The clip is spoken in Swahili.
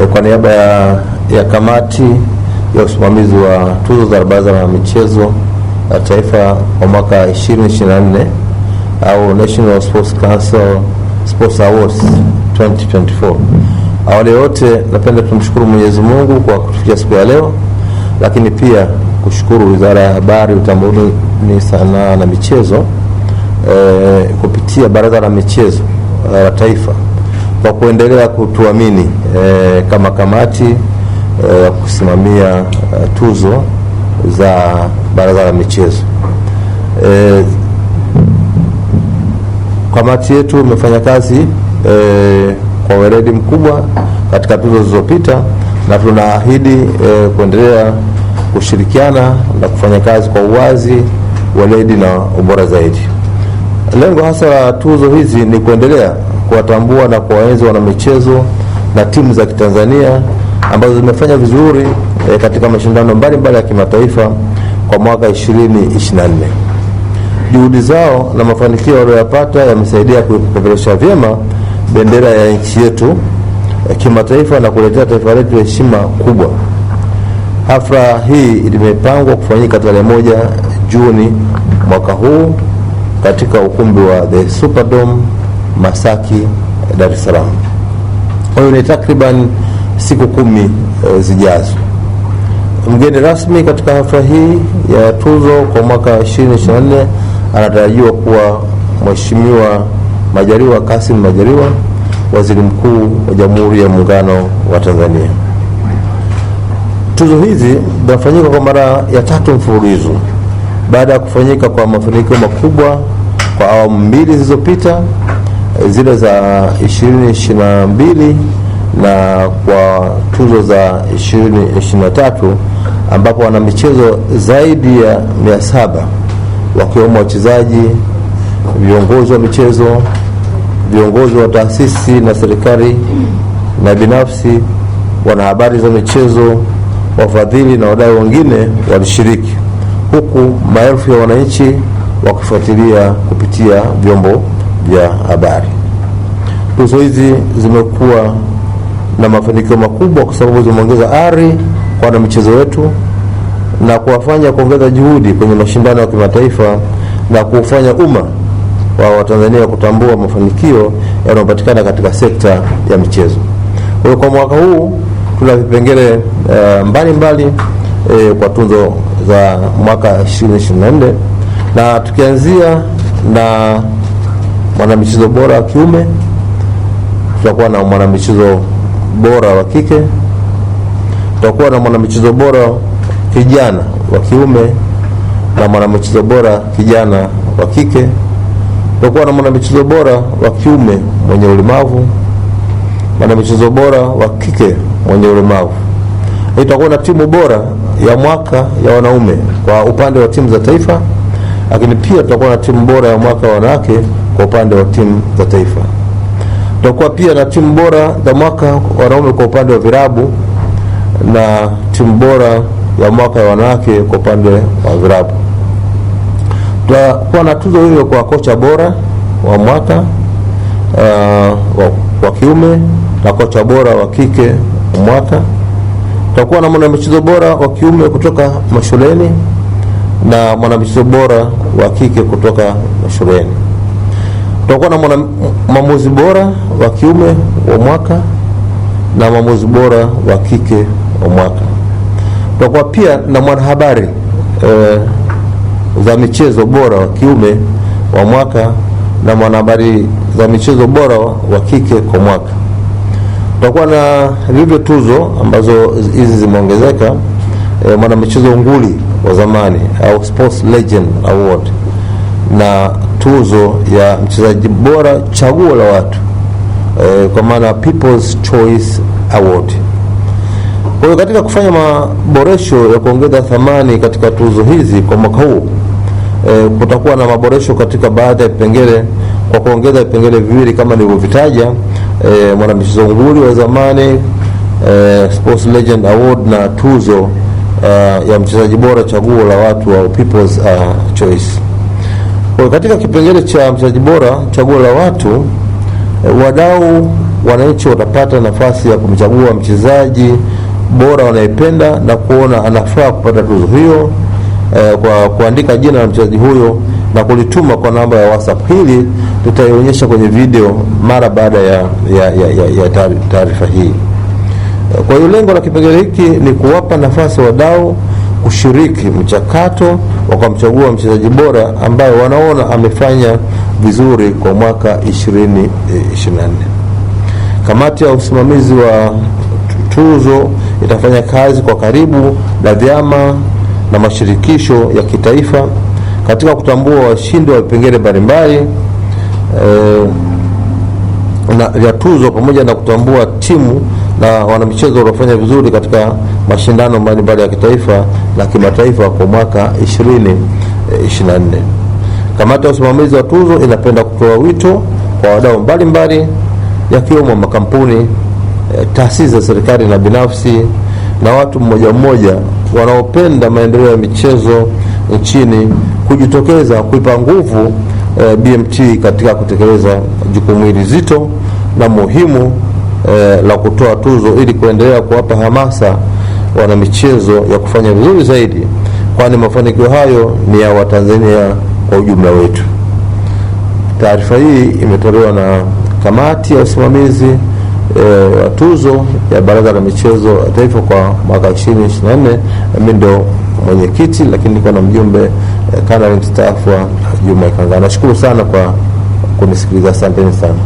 E, kwa niaba ya, ya kamati ya usimamizi wa tuzo za baraza la michezo la taifa kwa mwaka 2024 au National Sports Council Sports Awards 2024. Awali yote napenda tumshukuru Mwenyezi Mungu kwa kutufikia siku ya leo, lakini pia kushukuru Wizara ya Habari, Utamaduni, Sanaa na Michezo e, kupitia baraza la michezo eh, la taifa kwa kuendelea kutuamini e, kama kamati ya eh, e, kusimamia e, tuzo za baraza la michezo e, kamati yetu imefanya kazi e, kwa weledi mkubwa katika tuzo zilizopita, na tunaahidi e, kuendelea kushirikiana na kufanya kazi kwa uwazi, weledi na ubora zaidi. Lengo hasa la tuzo hizi ni kuendelea kuwatambua na kuwaenzi wanamichezo na timu za Kitanzania ambazo zimefanya vizuri e, katika mashindano mbalimbali ya kimataifa kwa mwaka 2024. Juhudi zao na mafanikio waliyopata yamesaidia kuipeperusha vyema bendera ya nchi yetu e, kimataifa na kuletea taifa letu heshima kubwa. Hafla hii imepangwa kufanyika tarehe moja Juni mwaka huu katika ukumbi wa the Superdome Masaki, Dar es Salaam. Kwa hiyo ni takriban siku kumi e, zijazo. Mgeni rasmi katika hafla hii ya tuzo kwa mwaka 2024 anatarajiwa kuwa Mheshimiwa Majaliwa Kassim Majaliwa, Waziri Mkuu wa Jamhuri ya Muungano wa Tanzania. Tuzo hizi zinafanyika kwa mara ya tatu mfululizo baada ya kufanyika kwa mafanikio makubwa kwa awamu mbili zilizopita zile za ishirini na na kwa tuzo za ishirini ambapo wana michezo zaidi ya mia saba wakiwemo wachezaji, viongozi wa michezo, viongozi wa taasisi na serikali na binafsi, wanahabari za michezo, wafadhili na wadau wengine walishiriki, huku maelfu ya wananchi wakifuatilia kupitia vyombo ya habari. Tuzo hizi zimekuwa na mafanikio makubwa kwa sababu zimeongeza ari kwa wanamichezo wetu na kuwafanya kuongeza juhudi kwenye mashindano ya kimataifa na kufanya umma wa Watanzania kutambua mafanikio yanayopatikana katika sekta ya michezo. Kwa hiyo kwa mwaka huu tuna vipengele eh, mbalimbali e, kwa tunzo za mwaka 2024 na tukianzia na mwanamichezo bora wa kiume, tutakuwa na mwanamichezo bora wa kike, tutakuwa na mwanamichezo bora kijana wa kiume na mwanamichezo bora kijana wa kike, tutakuwa na mwanamichezo bora wa kiume mwenye ulemavu, mwanamichezo bora wa kike mwenye ulemavu. Tutakuwa na timu bora ya mwaka ya wanaume kwa upande wa timu za taifa, lakini pia tutakuwa na timu bora ya mwaka ya wanawake kwa upande wa timu za taifa. Tutakuwa pia na timu bora za mwaka wanaume kwa upande wa virabu na timu bora ya mwaka ya wanawake kwa upande wa virabu. Tutakuwa na tuzo hiyo kwa kocha bora wa mwaka uh, wa kiume na kocha bora wa kike wa mwaka. Tutakuwa na mwanamichezo bora wa kiume kutoka mashuleni na mwanamichezo bora wa kike kutoka mashuleni tutakuwa na mwamuzi bora wa kiume wa mwaka na mwamuzi bora wa kike wa mwaka. Tutakuwa pia na mwanahabari e, za michezo bora wa kiume wa mwaka na mwanahabari za michezo bora wa kike kwa mwaka. Tutakuwa na vivyo tuzo ambazo hizi zimeongezeka, e, eh, mwanamichezo nguli wa zamani au sports legend award na tuzo ya mchezaji bora chaguo la watu e, kwa maana People's Choice Award. Kwa hiyo katika kufanya maboresho ya kuongeza thamani katika tuzo hizi kwa mwaka huu e, kutakuwa na maboresho katika baadhi ya vipengele kwa kuongeza vipengele viwili kama nilivyovitaja, e, mwanamichezo nguli wa zamani e, Sports Legend Award na tuzo uh, ya mchezaji bora chaguo la watu wa People's uh, Choice. Kwa katika kipengele cha mchezaji bora chaguo la watu eh, wadau wananchi watapata nafasi ya kumchagua mchezaji bora wanayependa na kuona anafaa kupata tuzo hiyo eh, kwa kuandika jina la mchezaji huyo na kulituma kwa namba ya WhatsApp. Hili tutaionyesha kwenye video mara baada ya, ya, ya, ya, ya taarifa hii. Eh, kwa hiyo lengo la kipengele hiki ni kuwapa nafasi wadau kushiriki mchakato wa kumchagua mchezaji bora ambaye wanaona amefanya vizuri kwa mwaka 2024. Eh, Kamati ya usimamizi wa tuzo itafanya kazi kwa karibu na vyama na mashirikisho ya kitaifa katika kutambua washindi wa vipengele mbalimbali e, na vya tuzo pamoja na kutambua timu na wanamichezo waliofanya vizuri katika mashindano mbalimbali ya kitaifa na kimataifa kwa mwaka 2024. Kamati ya usimamizi wa tuzo inapenda kutoa wito kwa wadau mbalimbali yakiwemo makampuni, eh, taasisi za serikali na binafsi na watu mmoja mmoja wanaopenda maendeleo ya michezo nchini kujitokeza kuipa nguvu eh, BMT katika kutekeleza jukumu hili zito na muhimu e, la kutoa tuzo ili kuendelea kuwapa hamasa wana michezo ya kufanya vizuri zaidi, kwani mafanikio hayo ni ya Watanzania kwa ujumla wetu. Taarifa hii imetolewa na kamati ya usimamizi eh, wa e, tuzo ya Baraza la Michezo ya Taifa kwa mwaka 2024. Mimi ndo mwenyekiti, lakini niko na mjumbe e, kanali mstaafu wa Juma Ikangala. Nashukuru sana kwa kunisikiliza, asanteni sana.